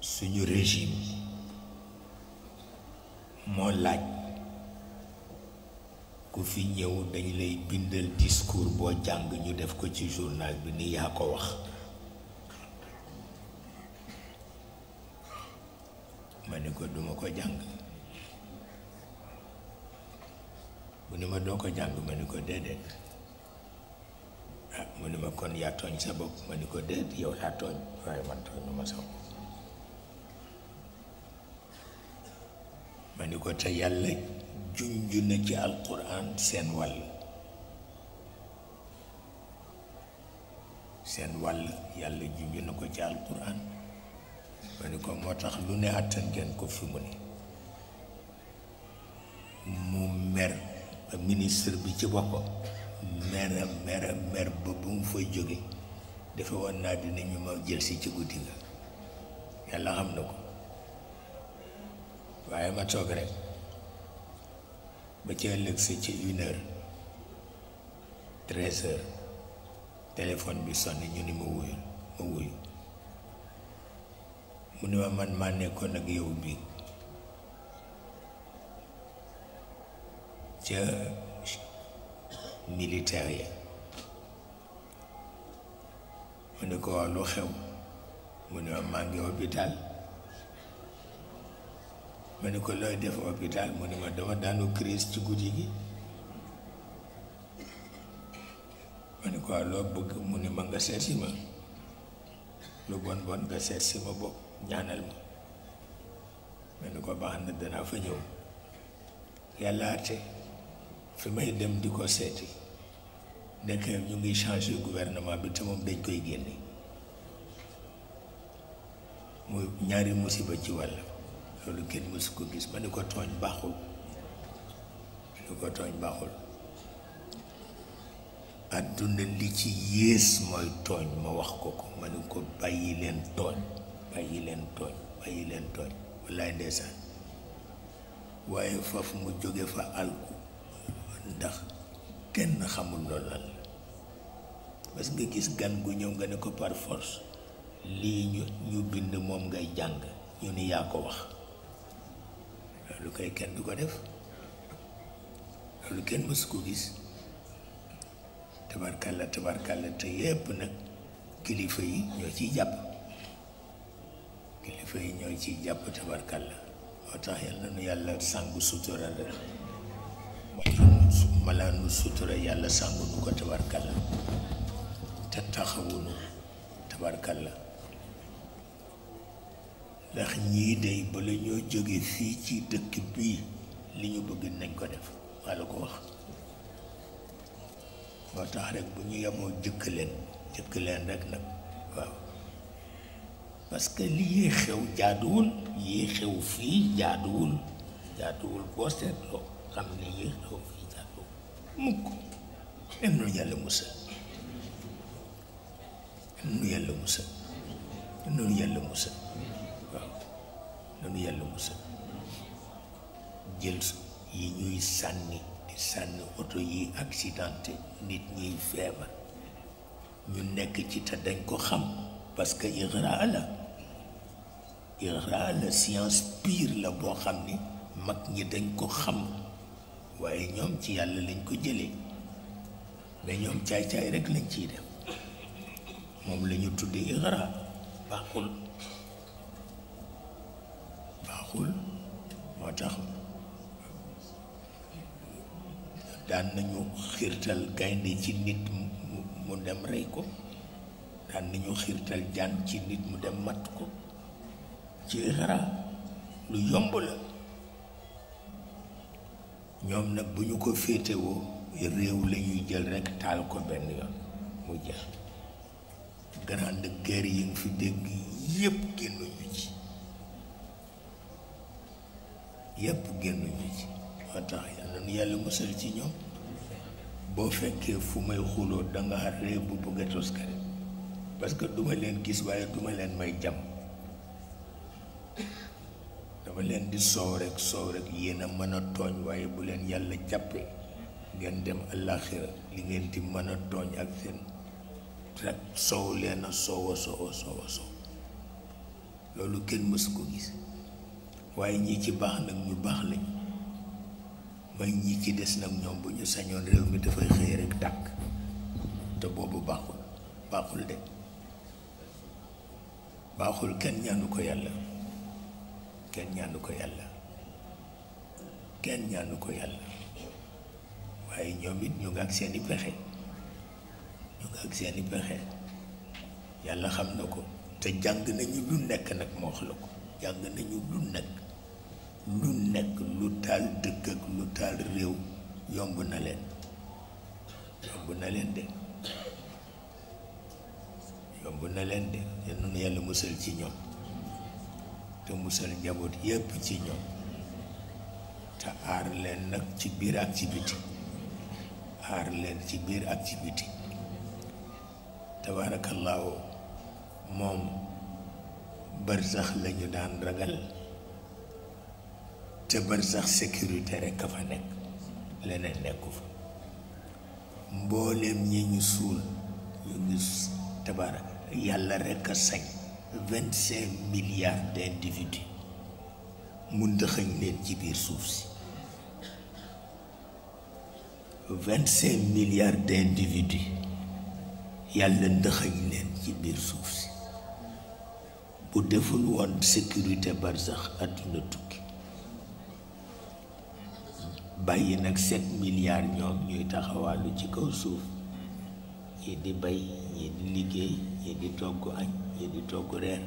suñu régime moo laaj ku fi ñëw dañ lay bindal discours boo jàng ñu def ko ci journal bi ni yaa ko wax ma ni ko duma ko jàng mu ni ma doo ko jàng ma ni ko déedéet ah mu ni ma kon yaa tooñ sa bopp ma ni ko déet yow yaa tooñ waaye man tooñ ma sa ma ni ko te yàlla junj na ci alquran seen wàll seen wàll yàlla junj na ko ci alquran ma ni ko moo tax lu ne àttan ngeen ko fi mu ne mu mer ba bi ci boppam mera mera mer ba bu mu fay jóge dafa woon naa dina ñu ma jël si ci guddi nga yàlla xam na ko waaye ma toog rek ba ci ëllëg si ci une heure téléphone bi sonn ñu ni ma wuyu ma wuyu mu ni ma man maa nekkoon ak yow bi ca militaire ya mu ni ko wax lu xew mu ni ma maa ngi ma ni ko looy def hôpital mu ni ma dama daanu crise ci guddi gi ma ni ko ah, loo bëgg mu ni ma nga seet ma lu bon bon nga seet si ma bopp ñaanal ma ma ni ko baax na danaa fa ñëw yàllaate fi may dem di ko seeti nekk ñu ngi changé gouvernement bi te moom dañ koy génne muy ñaari musiba ci wàll loolu kenn mësu ko gis ma ni ko tooñ baaxul ma ni ko tooñ baaxul àdduna li ci yées mooy tooñ ma wax ko ko ma ni ko bàyyi leen tooñ bàyyi leen tooñ bàyyi leen tooñ waaye faf mu jóge fa alku ndax kenn xamul loolu lan la parce que gis gan gu ñëw nga ne ko par lii ñu ñu bind moom ngay jàng ñu ni yaa ko wax loolu koy kenn du ko def loolu kenn mësu ko gis tabarkalla tabarkalla te yépp nag kilifa yi ñoo ciy jàpp kilifa yi ñoo ciy jàpp tabarkalla moo tax yàlla nu yàlla sàngu sutura rek malaanu sutura yàlla sangu nu ko tabarkalla te taxawunu tabarkalla ndax ñii day bala ñoo jóge fii ci dëkk bii li ñu bëgg nañ ko def maa la ko wax moo tax rekk bu ñu yemoo jëkk leen jëkk leen rekk nag waaw parce que li yee xew jaaduwul yee xew fii jaaduwul jaaduwul boo seetloo xam ne yee xew fii jaaduwul mukk dem nu yàlla musa dem nu yàlla musa yàlla musa nanu yàlla musal jël yi ñuy sànni di sànni oto yi accidenté nit ñiy feebar ñu nekk ci te dañ ko xam parce que ixraa la ixraa la science pure la boo xam ne mag ñi dañ ko xam waaye ñoom ci yàlla lañ ko jële dañoom ñoom caay-caay rek lañ ciy def moom la ñu tudde ixraa baaxul moo tax daan nañu xiirtal gaynde ci nit mu dem rey ko daan nañu xiirtal jaan ci nit mu dem matt ko ci xaraa lu yomb la ñoom nag bu ñu ko féetewoo réew la jël rekk taal ko benn yoon mu jeex grande guerre yi nga fi dégg yépp génnuñu yëpp génnuñu ci moo tax yàlla nu musal ci ñoom boo fekkee fu may xuloo danga réew bu bëgg a parce que duma leen gis waaye duma leen may jàmm dama leen di soow rek soow rek yéen a mën a tooñ waaye bu leen yàlla jàppee ngeen dem àllaaxira li ngeen di mën a tooñ ak seen rek soow leen a soow a soow a soow a loolu kenn mësu ko gis waaye ñii ci baax nag mu baax lañ may ñi ci des nag ñoom bu ñu sañoon réew mi dafay xëy rek tàkk te boobu baaxul baaxul de baaxul kenn ñaanu ko yàlla kenn ñaanu ko yàlla kenn ñaanu ko yàlla waaye ñoom it ñu nga ak seeni pexe ñu nga ak seeni pexe yàlla xam na ko te jàng nañu lu nekk nag moo wax la ko jàng nañu lu nekk lu nekk lu taal dëkk ak lu taal réew yomb na leen yomb na leen de yomb na leen de te nun yàlla musal ci ñoom te musal njaboot yépp ci ñoom te aar leen nag ci biir ak ci biti aar leen ci biir ak ci biti tabaarakallaahu moom barsax lañu daan ragal te bari sax sécurité rekk fa nekk leneen nekku fa mbooleem ñi ñu suul ñu gis tabaara yàlla rekk a sañ vingt cinq milliards mu ndëxëñ leen ci biir suuf si vingt cinq milliards d'individus yàlla ndëxëñ leen ci biir suuf si bu deful woon sécurité bari àdduna tukki bàyyi nag sept milliards ñoom ñuy taxawaalu ci kaw suuf ñii di bay ñii di liggéey ñii di togg añ ñii di togg reer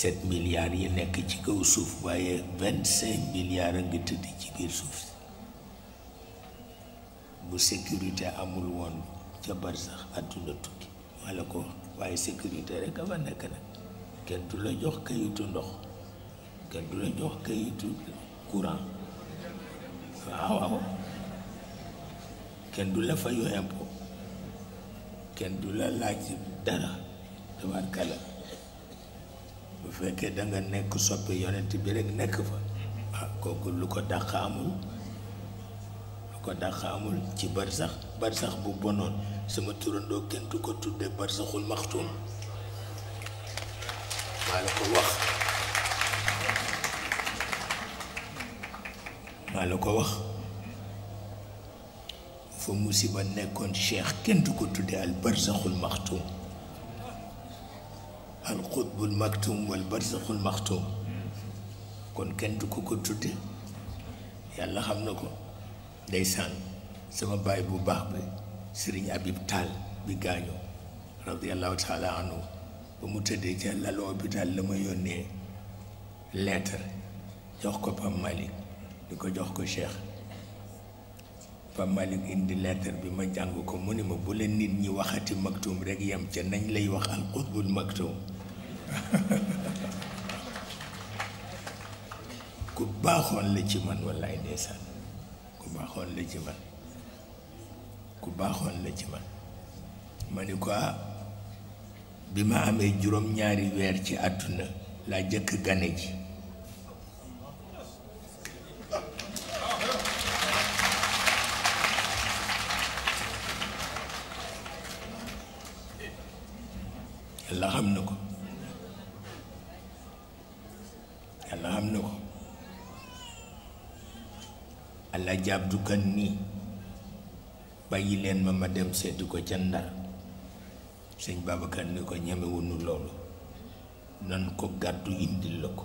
set milliards yi nekk ci kaw suuf waaye vingt cinq milliards a ngi tëdd ci biir suuf si bu sécurité amul woon ca bar àdduna tukki walla ko waaye sécurité rek a fa nekk nag kenn du la jox kayitu ndox kenn du la jox kayitu courant waaw kenn du la fayu impôt kenn du la laaj dara tabarkala bu fekkee danga nekk soppi yonent bi rek nekk fa waaw ah, kooku lu ko dàq amul lu ko dàq amul ci barsax barsax bu bonoon sama turandoo kenn du ko tuddee barsaxul maxtuum maa la ko wax maa la ko wax fa musiba nekkoon cheikh kenn du ko tudde al barzaxul maxtum al xutbul maktum wal barzaxul maxtum kon kenn du ko ko tudde yàlla xam na ko ndeysaan sama baay bu baax bi sëriñ Habib Tall bi gaañoo radiallahu taala anhu ba mu tëddee ca lalu hôpital la ma yónnee lettre jox ko Pam Malick di ko jox ko cheikh Pape indi lettre bi ma jàng ko mu ni ma bu leen nit ñi waxati maktum rek yem ca nañ lay wax al qutbul maktum ku baaxoon la ci man wallaay ndeysaan ku baaxoon la ci man ku baaxoon la ci man ma ni ko ah, bi ma amee juróom ñaari weer ci àdduna laa jëkk gane ji la xam na ko yàlla xam na ko allah jaab du kan nii bàyyi leen ma ma dem seetu ko ca ndar sëñ Babacar ni ko ñemewuñu loolu nan ko gàddu indil la ko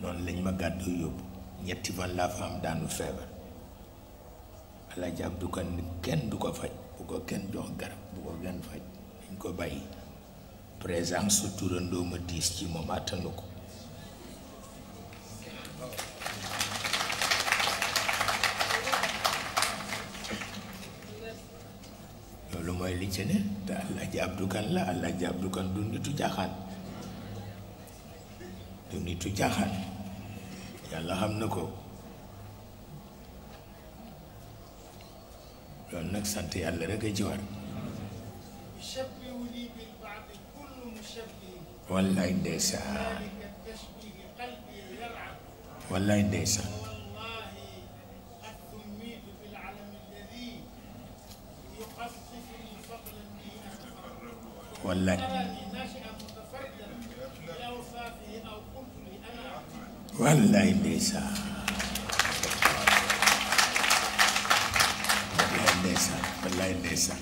noonu lañ ma gàddu yóbbu ñetti fan laa fa am daanu feebar allah jaab du kan ni kenn du ko faj ko ken jox garab bu ko kenn faj ñu ko bayyi présence su turando ma dis ci mom atanuko lolu moy li ci ne te kan la alaaji abdu kan du nitu jaaxaan du nitu jaaxaan yalla xam كون نك سانت يالا رك جوار والله ديسا والله ديسا والله والله ديسا wallaay ndeysaan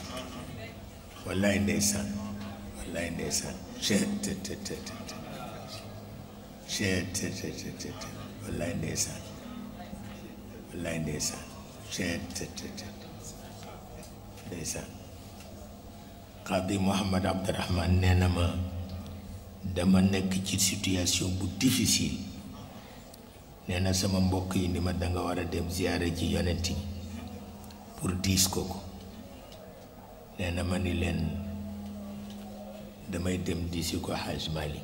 wallaay ndeysaan wallaay ndeysaan ct ct ct wallaay ndeysaan wallaay ndeysaan ct ndeysaan xaadi Mouhamad Abdourahman nee na ma dama nekk ci situation bu difficile nee na sama mbokk yi ni ma danga war a dem ziyaare ji yonent yi pour diis ko ko nee na ma ni leen damay dem di si ko xaaj Mali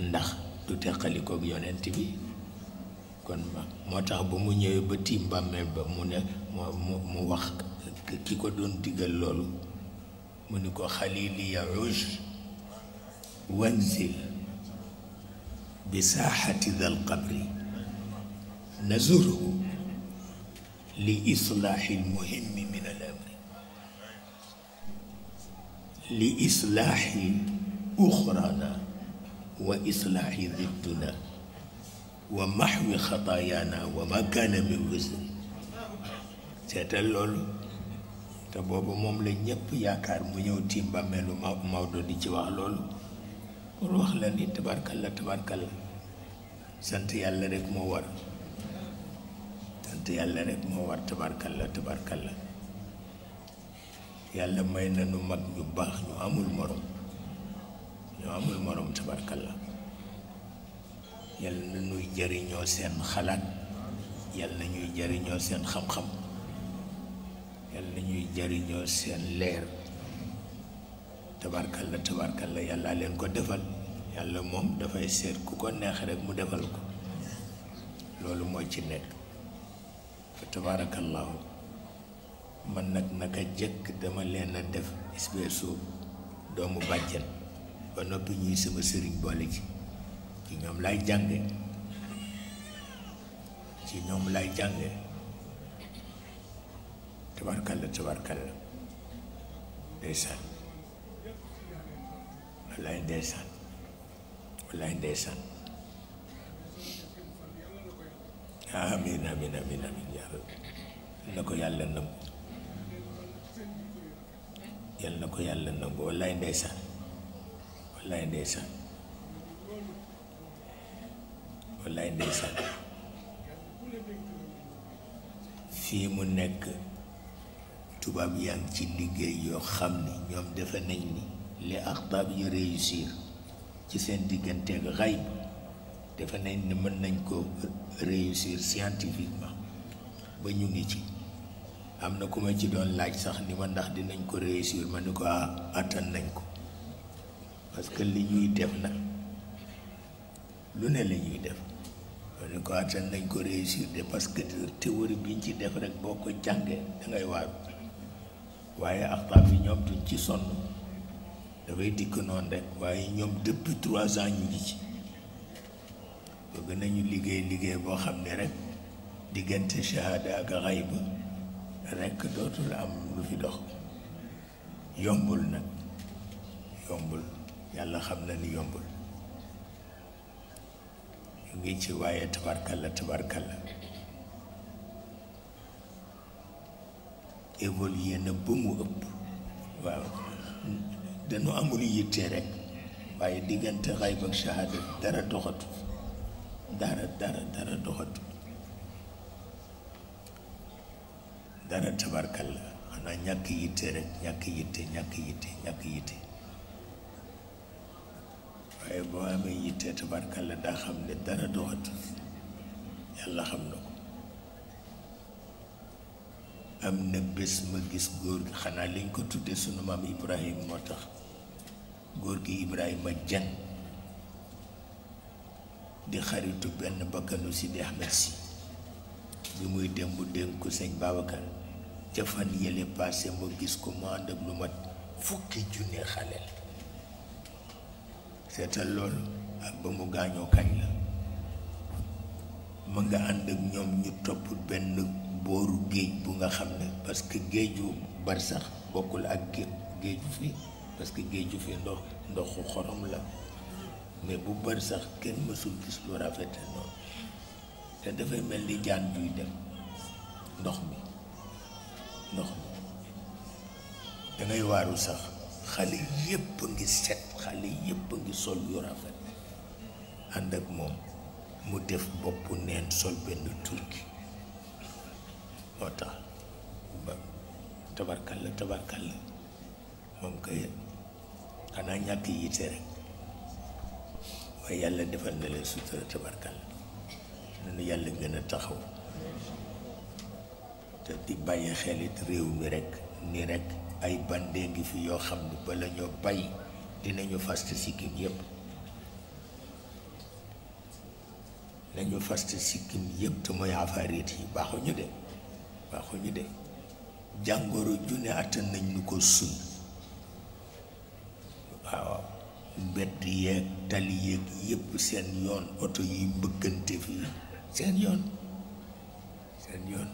ndax du teqalikook yonent bi kon ma moo tax ba mu ñëwee ba tiim ba mu ne mu mu wax ki ko doon digal loolu mu ni ko xalili ya uj wanzil bi saaxati dal qabri nazuruhu لإصلاح المهم من ا لإصلاح أ وإصلاح ر ل ضدنا ومحو خطايانا وما كان من وزن تتلل تبوب مملا يب يا كارم يوتيم بملو مودو دي جوالول روح لاني تبارك الله تبارك الله سنتي الله رك موارد sant yàlla rek moo war tabarkalla la yàlla may na nu mag ñu baax ñu amul morom ñu amul morom tabarkalla yàlla na ñuy jariñoo seen xalaat yàlla na ñuy jariñoo seen xam-xam na ñuy jariñoo seen leer tabarkalla tabarkalla yàlla leen ko defal yàlla moom dafay seet ku ko neex rek mu defal ko loolu moo ci nekk fa man nag naka jëkk dama leen def espèce doomu bàjjen ba noppi ñuy sama sëriñ boole ci ci ñoom lay jànge ci ñoom lay jànge tabarkalla tabarkalla ndeysaan wallaay ndeysaan wallaay ndeysaan آمين آمين آمين آمين يا رب نكو يالا نمو يالا نكو يالا نمو والله ندسان والله ندسان والله ندسان في مو نك توباب يان سي ليغي يو خامني نيوم ديفا نني لي اخطاب يو ريوسير سي سين ديغنتك غايب defe nañ ne mën nañ koo réussir scientifiquement ba ñu ngi ci am na ku ma ci doon laaj sax ni ma ndax dinañ ko réussir ma ni ko ah, attan nañ ko parce que li ñuy def na lu ne la ñuy def ma ni ko attan nañ ko réussir de parce que théorie biñ ci def rek boo ko jàngee dangay waar waaye axtaaf yi ñoom duñ ci sonn dafay dikk noonu rek waaye ñoom depuis trois ans ñu ngi ci bëgg nañu liggéey liggéey boo xam ne rek diggante shahada ak xayb rek dootul am lu fi dox yombul nag yombul yàlla xam na ni yombul ñu ngi ci waaye tabarkalla tabarkalla évolué na ba ëpp waaw dañu amul yitte rek waaye diggante xayb ak shahada dara doxatu dara dara dara doxatul dara tabarkal la xanaa ñàkk yitte rek ñàkk yitte ñàkk yitte ñàkk yitte waaye boo amee yitte tabarkal la daa xam ne dara doxatul yàlla xam na ko am na bés ma gis góor gi xanaa liñ ko tuddee sunu maam Ibrahim moo tax góor gi Ibrahima Dieng di xaritu benn bakkanu Sidi Ahmed si bi muy dem bu dénku sëñ Babacar ca fan yële passé ma gis ko mu ànd ak lu mat fukki junne xale la seetal lool ak ba mu gaañoo kañ la ma nga ànd ak ñoom ñu topp benn booru géej bu nga xam ne parce que géeju barsax bokkul ak géeju fi parce que géeju fii ndox ndoxu xorom la mais bu bari sax kenn mësul gis lu rafet noonu te dafay mel ni jaan buy dem ndox mi ndox mi dangay waaru sax xale yépp a ngi set xale yépp a ngi sol yu rafet ànd ak moom mu def boppu neen sol benn turki moo tax ba tabarkal la tabarkal la moom kay xanaa ñàkk yitte rek waaye yàlla defal na leen sutura tabarkal nanu yàlla gën a taxaw te di bàyyi xelit réew mi rekk ni rekk ay bandee ngi fi yoo xam ne bala ñoo bàyyi dinañu fast sikkim yépp nañu fast sikkim yépp te mooy afaarit yi baaxuñu de baaxuñu de jàngoro junne attan nañ ñu ko sun waaw mbedd yeeg tali yéeg yépp seen yoon oto yuy mbëkkante fii seen yoon seen yoon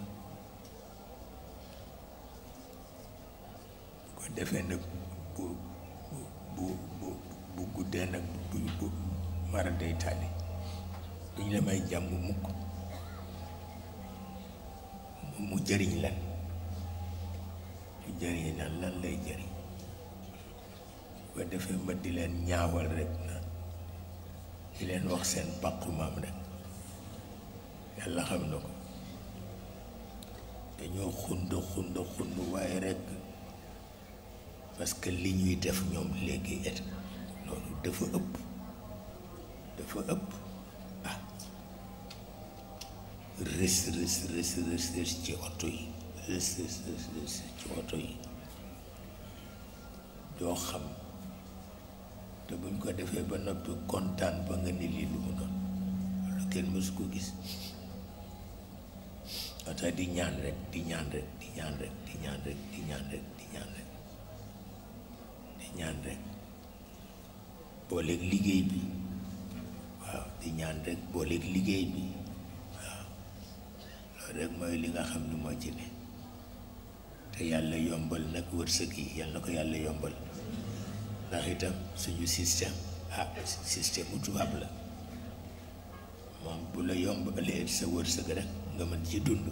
ko defee nag bu bu bu bu guddee nag bu bu mara day tali duñ jàmm mukk mu jëriñ lan mu jëriñ lan lan lay jëriñ ba defee ma di leen ñaawal rek na di leen wax seen bàqu maam rek yàlla xam na ko dañoo xund xund xund waaye rek parce que li ñuy def ñoom léegi et loolu dafa ëpp dafa ëpp ah rës rës rës ci oto yi rës rës rës ci oto yi doo xam te buñ ko defee ba noppi kontaan ba nga ni lii lu mu doon loolu kenn mësu ko gis wata di ñaan di ñaan rek di ñaan rek di ñaan rek liggéey bi waaw di te yàlla yombal nag wërsëg yi yàlla na ko yàlla yombal ndax itam suñu système ah système bu tubaab la moom bu la yombalee sa wërsëg nga mën ci dund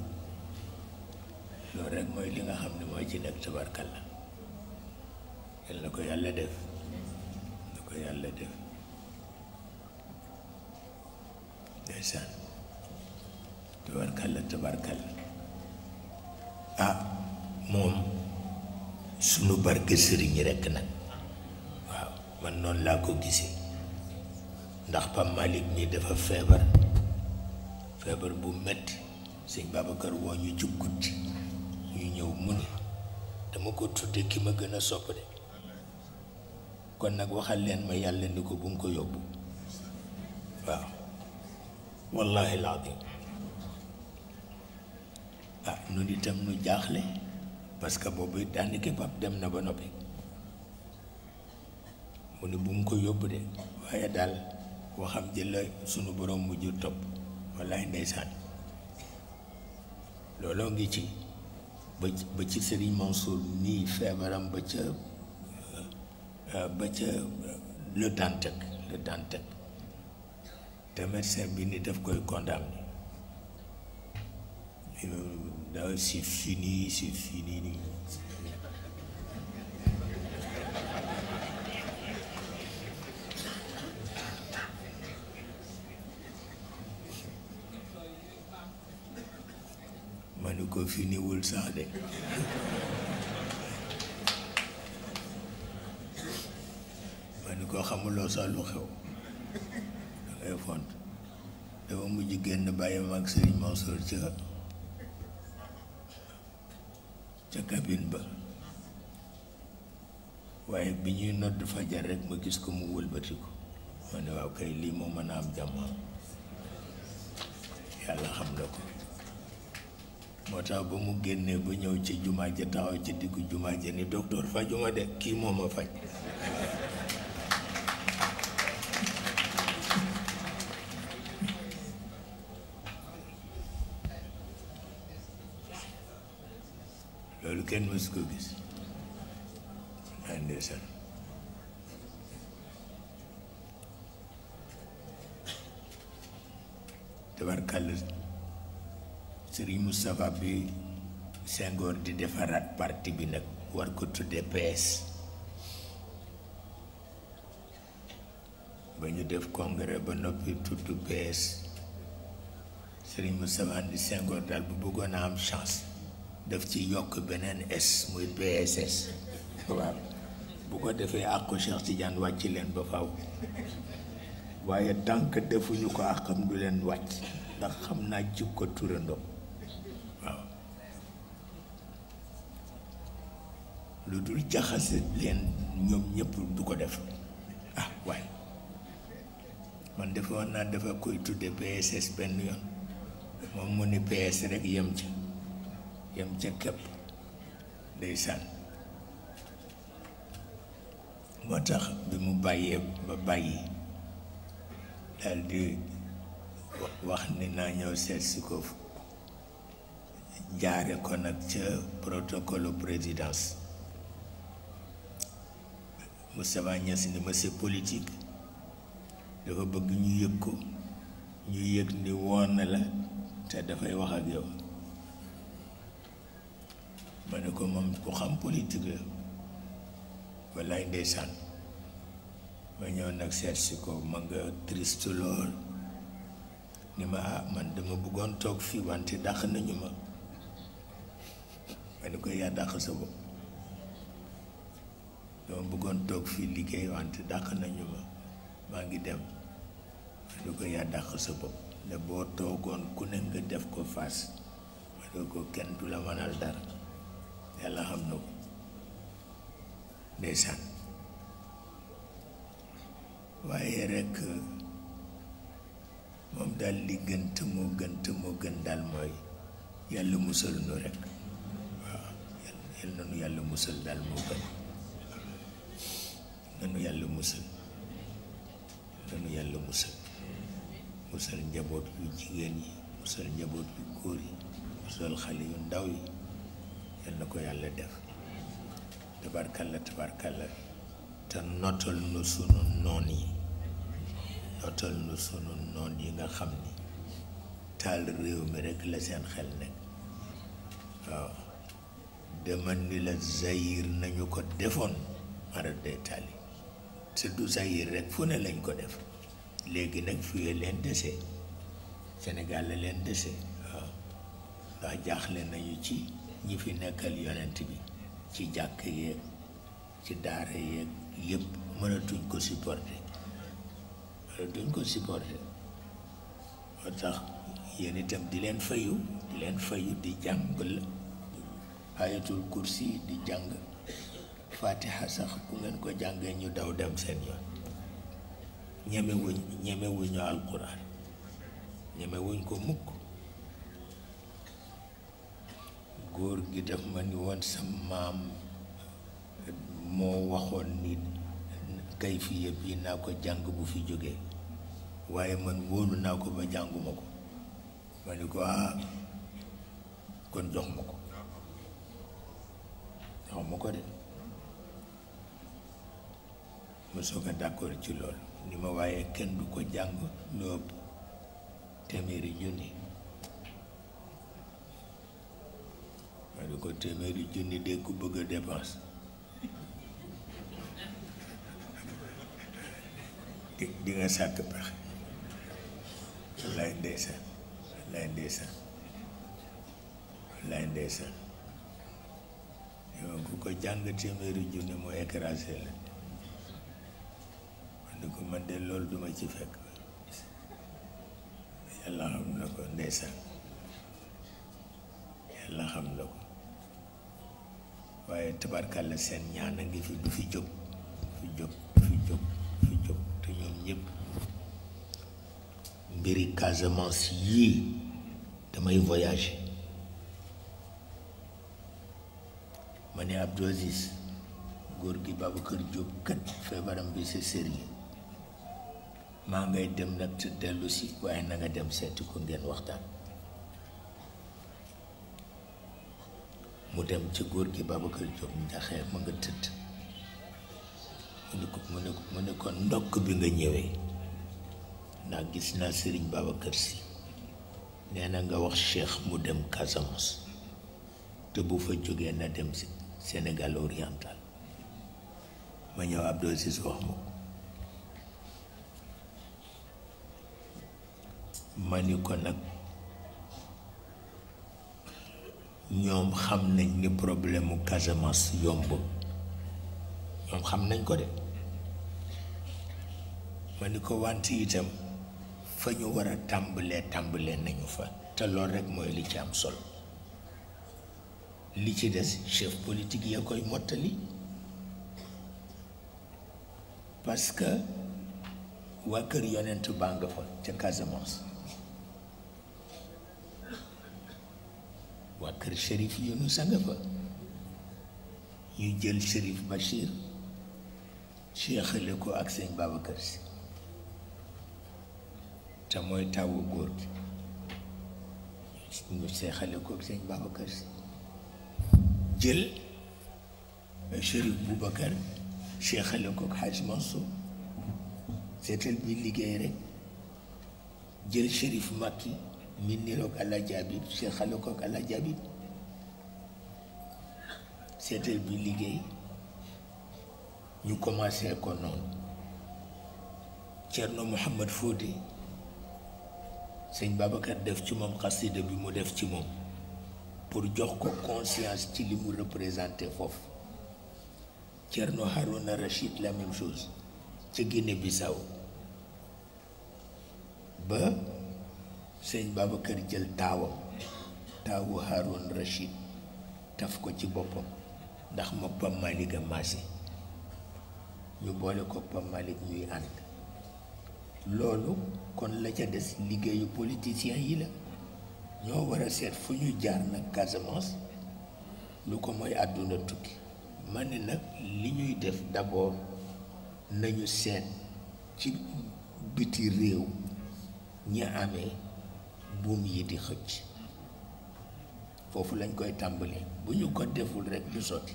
loolu rek mooy li nga xam ne mooy ci nekk tabarkal la yal ko yàlla def ko yàlla def ndeysaan tabarkal la tabarkal la ah moom sunu barke sëriñ rek nag man noonu laa ko gisee ndax Pape Malick mii dafa feebar feebar bu metti sëñ Babacar woo ñu ci guddi ñu ñëw mu ne dama ko tudde ki ma gën a sopp de kon nag waxal leen ma yàlla ni ko bu mu ko yóbbu waaw wallahi laadim ah nun itam nu jaaxle parce que boobu daanaka pap dem na ba noppi wala bu mu ko yóbbu de waaye daal waxam jëla sunu borom mujj topp wallaay ndeysaan looloo ngi ci ba ci sëriñ Mansour nii feebaram ba ca euh, euh, ba ca euh, le Dantec le Dantec te médecin bi ni daf koy condamné da c'est fini c'est fini nii ko wul sax de man ko xamulo sax lu xew ay font dama mujj génn baye mak Serigne Mansour ca ci cabine ba waye biñuy nodd fajar rek ma gis ko mu wëlbati ko ma ne waaw kay li mo mën am jàmm yàlla xam na ko moo tax ba mu génnee ba ñëw ci jumaa ja taxaw ci diggu jumaa ja ni docteur fajuma de kii moo ma faj loolu kenn mësu ko gis ndeysaan tabarkàlla Serigne Moustapha bi Senghor di defaraat parti bi nag war ko tudde PS ba ñu def congrès ba noppi tudd PS Serigne Moustapha di Senghor daal bu bëggoon am chance daf ci yokk beneen S muy PSS waaw bu ko defee àqu Cheikh Tidiane wàcc leen ba faw waaye tànk defuñu ko àqam du leen wàcc ndax xam naa jikko turandoo lu dul jaxase leen ñoom ñëpp du ko def ah waaye man defe woon naa dafa koy tudde PSS benn yoon moom mu ni PS rek yem ca yem ca képp ndeysaan moo tax bi mu bàyyee ba bàyyi daal di wax ni naa ñëw seet si ko jaare ko nag ca protocole présidence Moustapha Niass ne ma c'est politique dafa bëgg ñu yëg ko ñu yëg ni woon na la te dafay wax ak yow ma ne ko moom ku xam politique la wallaay ndeysaan ma ñëw nag seet si ko ma nga triste lool ni ma ah man dama bëggoon toog fii wante dàq nañu ma ma ne ko yaa sa bopp dama bëggoon toog fii liggéey wante dàq nañu ma maa ngi dem ma ne ko yaa dàq sa bopp ne boo toogoon ku ne nga def ko fas ma ne ko kenn du la mënal dara yàlla xam na ko ndeysaan waaye rekk moom daal li gën te moo gën te moo gën daal mooy yàlla musal nu rekk waaw yàlla na nu yàlla musal daal moo gën nanu yàlla musal nanu yàlla musal musal njaboot yu jigéen yi musal njaboot yu góor yi musal xale yu ndaw yi yal na ko yàlla def tabarkalla tabarkalla te notal nu sunu noon yi notal nu sunu noon yi nga xam ni taal réew mi rekk la seen xel nekk waaw dama ni la zayir nañu ko defoon mara dee taali 12 ans yi rek fu ne lañ ko def léegi nag fuyee leen dese Sénégal la leen dese waaw ndax jaaxle nañu ci ñi fi nekkal yonent bi ci jàkk yeeg ci daara yeeg yëpp mënatuñ ko supporter mënatuñ ko supporter moo tax yéen itam di leen fayu di leen fayu di jàng ayatul kursi di jàng fatiha sax bu ngeen ko jàngee ñu daw dem seen yoon ñemewuñ ñemewuñu alquran ñemewuñ ko mukk góor gi def ma ni woon sa maam moo waxoon ni kay fi yëpp yi naa ko jàng bu fi jógee waaye man wóolu naa ko ba jànguma ko ma ni ko ah kon jox ma ko jox ma ko de ma soog a d'accord ci loolu ni ma waaye kenn du ko jàng lu ëpp téeméeri junni ma di ko téeméeri junni de ku bëgg a dépense di di nga sàkk pexe wallaay ndeysaan wallaay ndeysaan wallaay ndeysaan yow ku ko jàng téeméeri junni mu écrasé la ko man de lool duma ci fekk yàlla xam na ko ndeysaan yàlla xam na ko waaye tabarkàlla seen ñaan a ngi fi du fi jóg fi jóg fi jóg te ñoom ñëpp mbiri Casamance yii damay voyagé ma ne Abdou Aziz góor gi Babacar Diop kat feebaram bi c'est sérieux maa ngay dem nag te dellu waaye na nga dem seeti ko ngeen waxtaan mu dem ci góor gi Babacar Diop ndaxee ma nga tëdd mu ne ko mu ne ko ndokk bi nga ñëwee ndax gis naa Serigne Babacar si nee na nga wax Cheikh mu dem Casamance te bu fa jógee na dem Sénégal oriental ma ñëw Abdou Aziz wax ma ma ni ko nag ñoom xam nañ ni problème mu Casamance yomb ñoom xam nañ ko de man ni ko wante itam fa ñu war a tàmbalee tàmbalee nañu fa te lool rek mooy li ci am solo li ci des chef politique ya koy mottali parce que waa kër yonent baa nga fa ca Casamance وكر شريف يونس أقفى يجل شريف بشير شيخ لكو سين بابا كرسي تموي تاو قرد شيخ لكو أكسين بابا كرسي جل شريف بوبكر شيخ لكو حاج منصور سيتل بيلي غيري جل شريف مكي mi niroog Alaaji Habib seexale kook seetal bi liggéey ñu commencé ko noonu Cerno Muhammad Fóote sëñ Babacar def ci moom xasida bi mu def ci moom pour jox ko conscience ci li mu représenté foofu Cerno Haruna Rachid la même chose ca Guinée Bissau ba sëñ kër jël taawam taawu Haroun Rachid taf ko ci boppam ndax ma Pam Malick a maase ñu boole ko Pam Malick ñuy ànd loolu kon la ca des liggéeyu politiciens yi la ñoo war a seet fu ñu jaar nag Casamance lu ko mooy àdduna tukki ma ne nag li ñuy def d'abord nañu seet ci biti réew ñi amee buum yi di xëcc foofu lañ koy tàmbali bu ñu ko deful rek lu sotti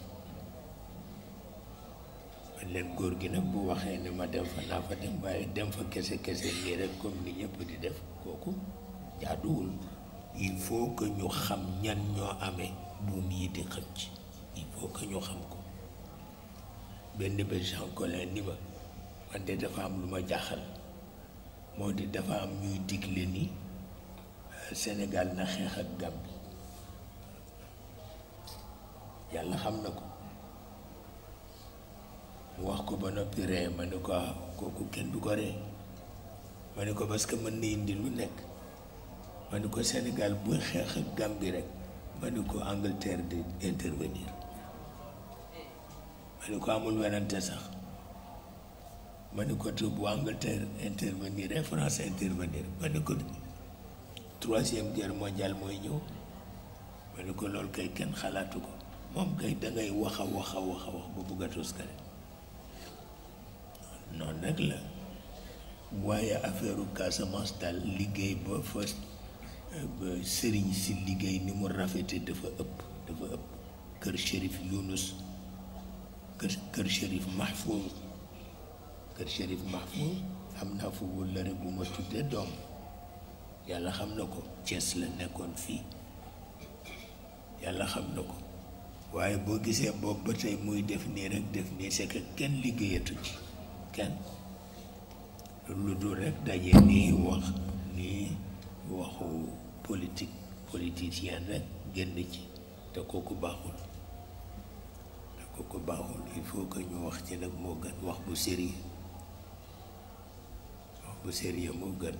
man leen góor gi nag bu waxee ne ma dem fa naa fa dem waaye dem fa kese kese nii rek comme ni ñëpp di def kooku jaaduwul il faut que ñu xam ñan ñoo ame buum yi di xëcc il faut que ñu xam ko benn ba Jean Collin ni ma man de dafa am lu ma jaaxal moo di dafa am ñuy digle ni Sénégal na xeex ak Gambie yàlla xam na ko mu wax ko ba noppi ree ma ne ko kooku kenn du ko ree ma ne ko parce que mën na indi lu nekk ma ne ko Sénégal buy xeex ak Gambie rek ma ne ko Angleterre di intervenir ma ne ko amul werante sax ma ne ko te bu Angleterre intervenir et France intervenir ma ne ko. troisième guerre mondiale moy ñëw mais ne ko lol kay ken xalatu ko mom kay da ngay waxa waxa waxa wax bu wax ba bugg a tos kare noonu nag la waye affaireu Casamance dal liggéey ba first ba serigne ci liggéey ni mu rafete dafa ëpp dafa ëpp kër Chérif yunus kër kër Chérif Mahfouz kër Chérif Mahfouz amna fu foofu bu ma tuddé dom yalla xam na ko la nekkoon fii yalla xam na ko waaye boo gisee boobu ba tey muy def nii rek def nii c'est que kenn liggéeyatu ci kenn lu dul rek daje nii wax nii waxu politique politicien rek génn ci te kooku baaxul te kooku baaxul il faut que ñu wax ci nag moo gën wax bu sérieux bu sérieux moo gën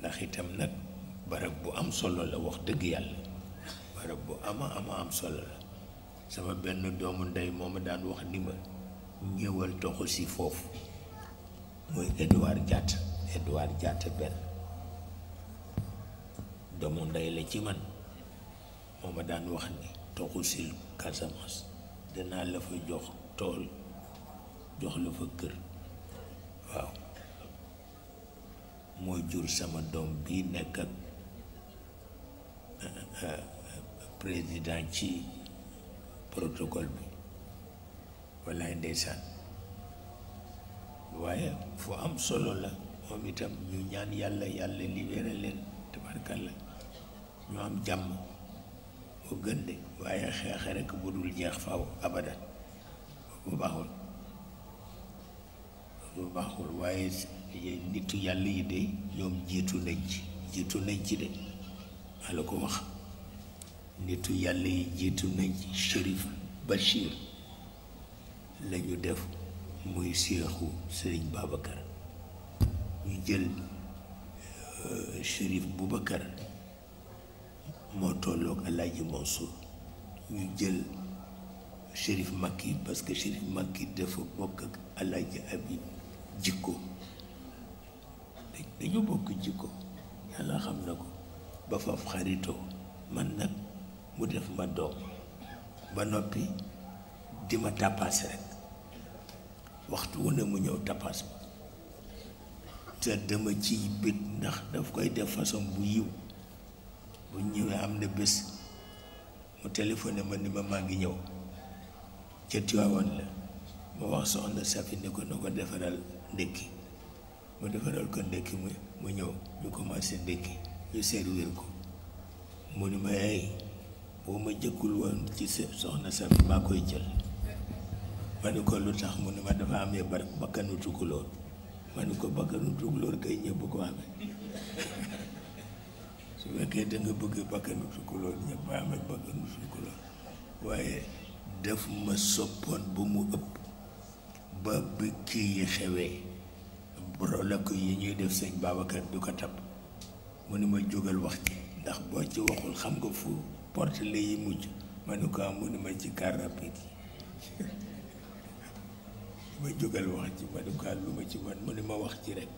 ndax itam nag barab bu am solo la wax dëgg yàlla barab bu ama ama am solo la sama benn doomu ndey moo ma daan wax ni ma ñëwal toxu si foofu muy Edouard Diatta Edouard Diatta benn doomu ndey la ci man moo ma daan wax ni toxu si Casamance danaa la fa jox tool jox la fa kër waaw mooy jur sama doom bii nekk ak président ci protocole bi wallaay ndeysaan waaye fu am solo la moom itam ñu ñaan yàlla yàlla libéré leen tabarkalla ñu am jàmm moo gën de waaye xeex rekk bu dul jeex faw abadan bu baaxul bu baaxul waaye nit yàlla yi de ñoom jiitu nañ ci jiitu nañ ci de maa la ko wax nitu yàlla yi jiitu nañ ci Chérif Bachir lañu def muy seexu Sëriñ Babacar ñu jël euh, Chérif Boubacar moo tolloog Alaaji Mansour ñu jël Chérif Makki parce que Chérif Makki dafa bokk ak Alaaji Habib jikko dañu bokk jikko yàlla xam na ko ba faf xaritoo man nag mu def ma doom ba noppi di ma tappaas rek waxtu wu ne mu ñëw tappaas ma te dama ciy bég ndax daf koy def façon bu yiw bu ñëwee am na bés mu téléphoné ma ni ma maa ngi ñëw ca Tiwaawan la ma wax soxna Safi ni ko na ko defaral ndékki ma defaral ko ndékki mu mu ñëw ñu commencé ndékki ñu servir ko mu ni ma ay boo ma jëkkul woon ci soxna sa maa koy jël ma ni ko lu tax mu ni ma dafa amee bar bakkanu tukulóor ma ko bakkanu tukulóor kay ñëpp ko amee su fekkee da bëgg bakkanu tukulóor ñëpp waaye daf ma soppoon bu mu ëpp ba bi yi xewee borolëkk yi ñuy def sëñ Babacar du ko tab mu ni ma jógal wax ci ndax boo ci waxul xam nga fu porte la yi mujj ma ne ko mu ni jógal wax ci ko lu ma ci man mu ni ma wax ci rek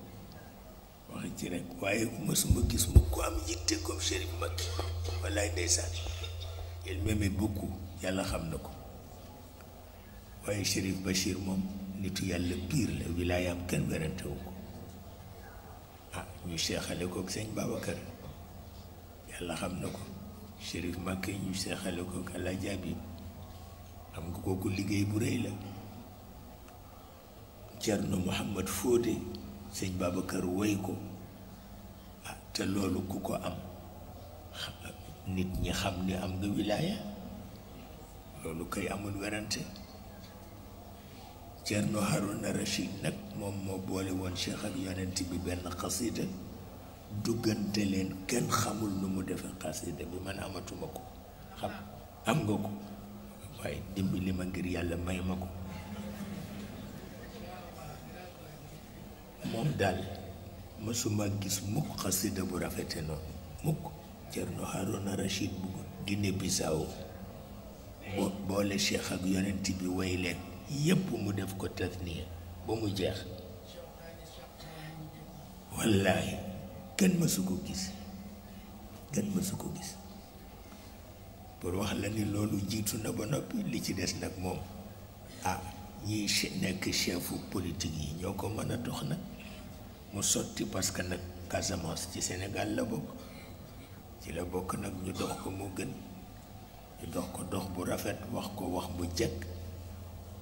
wax ci rek waaye mësuma gis mu ko am yitte comme Chérif Mbacké wallaay ndeysaan il m'aimait beaucoup yàlla xam na ko waaye Chérif Bachir moom nitu yàlla piir la wilaayam kenn werantewu ñu seexale kook sëñ Babacar yàlla xam na ko Chérif Màkke ñu seexale kook Alaaji Abib xam nga kooku liggéey bu rëy la Cerno Muhammad Fóote sëñ Babacar woy ko ah, te loolu ku ko am nit ñi xam ni am nga wilaaya loolu kay amul werante Cerno Haruna Rachid nag moom moo boole woon Cheikh ak yonent bi benn xasida duggante leen kenn xamul nu mu defee xasida bi man amatuma ko xam am nga ko waaye dimbali ma ngir yàlla may ma ko moom daal mësuma gis mukk xasida bu rafete noonu mukk Cerno Haruna Rachid bu Guinée Bissau boole Cheikh ak yonent bi way leen yépp mu def ko tasniya ba mu jeex wallaahi kenn mësu ko gis kenn mësu ko gis pour wax la ni loolu jiitu na ba noppi li ci des nag moom ah ñiy nekk chefu politique yi ñoo ko mën a dox nag mu sotti parce que nag Casamance ci Sénégal la bokk ci la bokk nag ñu dox ko mu gën ñu dox ko dox bu rafet wax ko wax bu jekk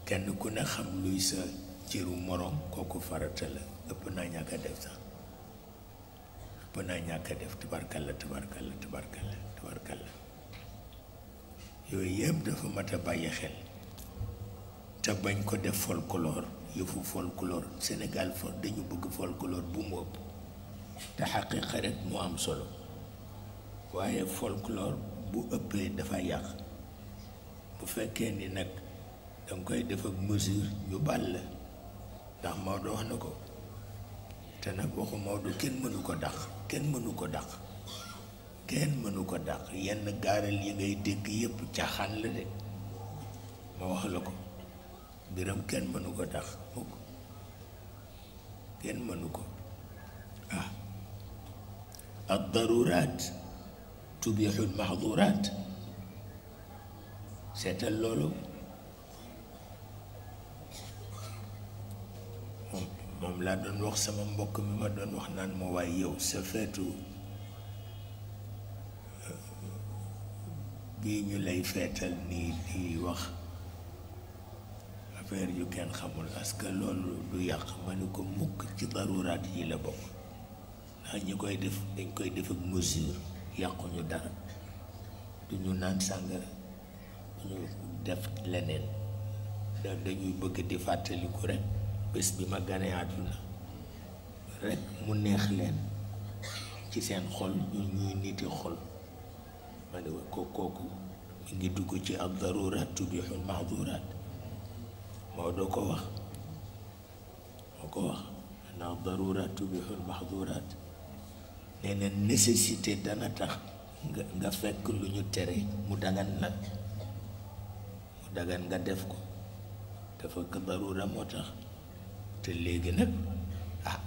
kenn ku ne xam luy sa ciru moroom kooku farata la ëpp naa ñàkk def sax ëpp naa ñàkk a def tabarkalla tabarkalla tabarkalla tabarkalla yooyu yëpp dafa mat a bàyyi xel te bañ ko def folklore yëfu folklore senegal fo dañu bëgg folklore bu mu ëpp te xaqiqa rek moo am solo waaye folklore bu ëppee dafa yàq bu fekkee ni nag danga koy def ak mesure ñu bal la ndax Maodo wax na ko te nag waxu Maodo kenn mënu ko dàq kenn mënu ko dàq kenn mënu ko dàq yenn gaaral yi ngay dégg yépp caaxaan la de ma wax la ko mbiram kenn mënu ko dàq mukk kenn mënu ko ah ad daruraat tubixul maxduraat seetal loolu laa doon wax sama mbokk mi ma doon wax naan moo waaye yow sa feetu euh, bii ñu lay feetal nii di wax affaire yu kenn xamul parce que loolu du yàq ma ni ko mukk ci daruraat yi la bokk ndax ñi koy def dañ koy def ak mesure yàquñu dara du ñu naan sàngara ñu def leneen dañuy bëgg di fàttaliku rek bés bi ma ganee àdduna rekk mu neex leen ci seen xol ñu ñuy niti xol ma ne ko kooku mi ngi dugg ci ab daruraat tubixul mahduraat ko wax ko wax ndax daruraat tubixul mahduraat nee na nécessité dana tax nga nga fekk lu ñu tere mu dagan nag mu dagan nga def ko dafa darura moo tax te léegi nag ah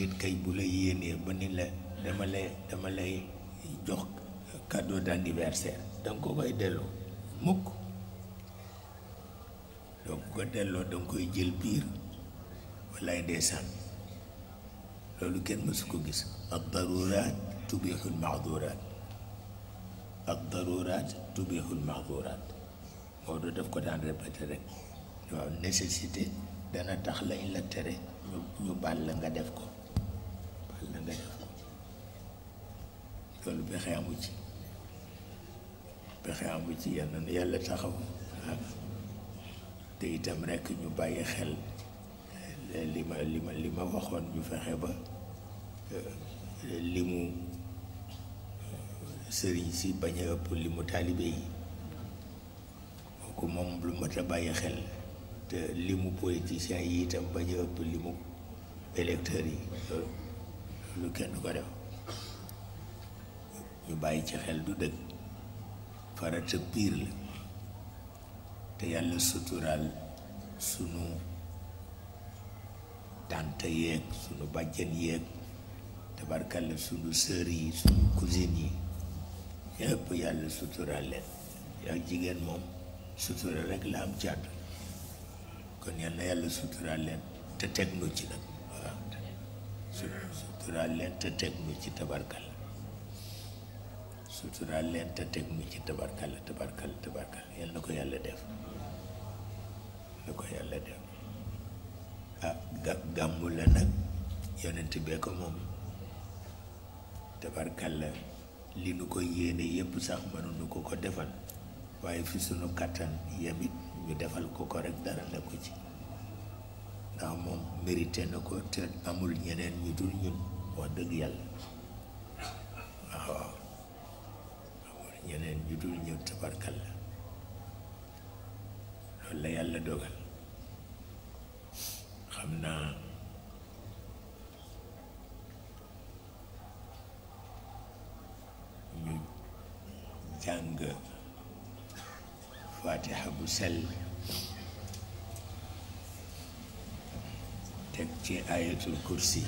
nit kay bu la yéenee ba ni la dama lay dama lay jox cadeau d'anniversaire danga ko koy delloo mukk donc ko delloo danga koy jël biir walaay ndeysaan loolu kenn mësu ko gis ab daruraat tubixul maxduraat ak daruraat tubixul maxduraat Maodo daf ko daan répété rek waaw nécessité dana tax lañ la tere ñu ñu bàll nga def ko bàll nga def ko loolu pexe amu ci pexe amu ci yàlla na yàlla taxaw te itam rekk ñu bàyyi xel li ma li ma li ma waxoon ñu fexe ba euh, li mu euh, sëriñ si bañ a ëpp li mu taalibe yi kooku moom lu mat a bàyyi xel te euh, limu politicien yi itam bañ a ëpp limu électeurs yi loolu euh, lu kenn ko def ñu bàyyi ci xel du dëgg farata piir la te yàlla suturaal sunu tante yeeg sunu bàjjen yeeg tabarkalla sunu sœur yi sunu cousine yi yëpp yàlla suturaal leen yaa jigéen moom sutura rek la am ci kon yal na yàlla suturaal leen te teg nu ci nag waaw suturaal leen te teg nu ci tabarkalla suturaal leen te teg nu ci tabarkalla tabarkalla tabarkalla yal na ko yàlla def na ko yàlla def ah gàmmu la nag yonent bee ko moom tabarkalla li nu ko yéene yépp sax mënuñu ko ko defal waaye fi sunu kàttan yamit ñu defal ko ko rek dara ko ci ndax moom mérité na ko te amul ñeneen ñu dul ñun wax dëgg yàlla waaw amul ñeneen ñu dul ñun tabarkal la loolu la yàlla dogal xam naa ñu jàng فاتح بسل تكتي آية الكرسي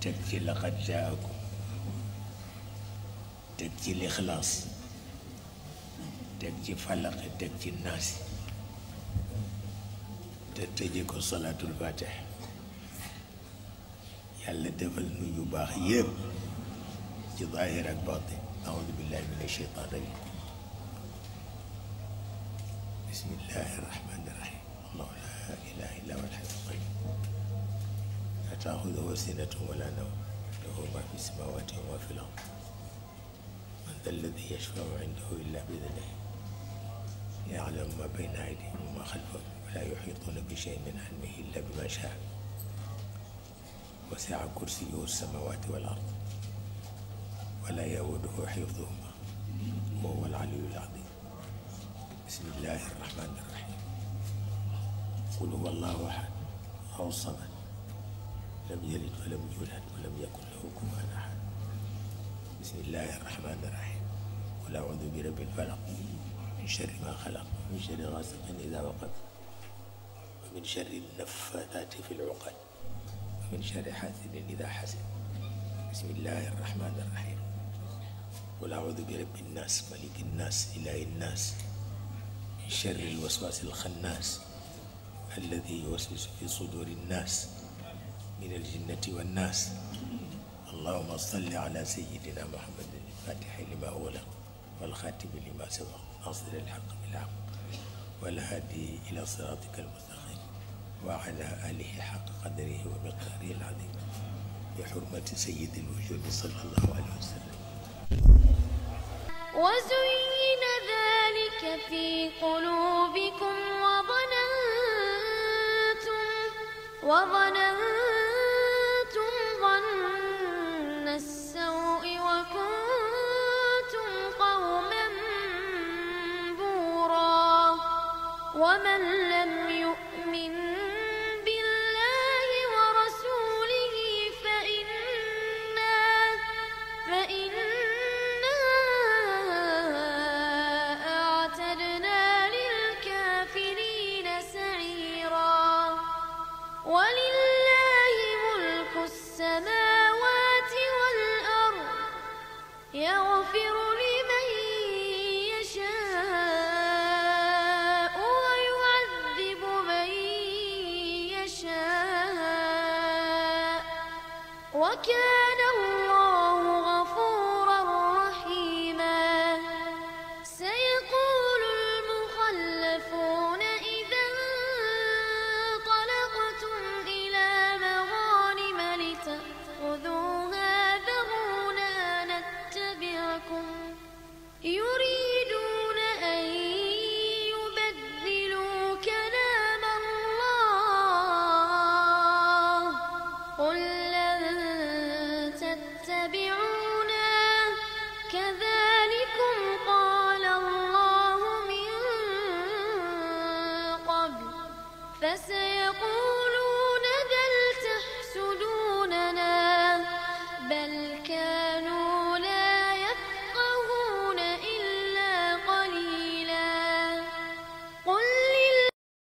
تكتي لقد جاءكم تكتي الإخلاص تكتي فلق تكتي الناس تتجيكو صلاة الفاتح يلا دفل نيو باخ يب جظاهرك باطن أعوذ بالله من الشيطان الرجيم بسم الله الرحمن الرحيم الله لا إله إلا هو الحي القيوم لا تأخذه سنة ولا نوم له ما في السماوات وما في الأرض من ذا الذي يشفع عنده إلا بإذنه يعلم ما بين أيديهم وما خلفهم ولا يحيطون بشيء من علمه إلا بما شاء وسع كرسيه السماوات والأرض ولا يؤوده حفظهما وهو العلي العظيم بسم الله الرحمن الرحيم قل هو الله احد او صمد لم يلد ولم يولد ولم يكن له كفوا احد بسم الله الرحمن الرحيم قل اعوذ برب الفلق من شر ما خلق من شر غاسق اذا وقد ومن شر النفاثات في العقد ومن شر حاسد اذا حسد بسم الله الرحمن الرحيم قل أعوذ برب الناس ملك الناس إله الناس من شر الوسواس الخناس الذي يوسوس في صدور الناس من الجنة والناس اللهم صل على سيدنا محمد الفاتح لما أولى والخاتم لما سبق ناصر الحق بالحق والهادي إلى صراطك المستقيم وعلى آله حق قدره ومقداره العظيم بحرمة سيد الوجود صلى الله عليه وسلم وزين ذلك في قلوبكم وظننتم وظننتم ظن السوء وكنتم قوما بورا ومن لم يؤمن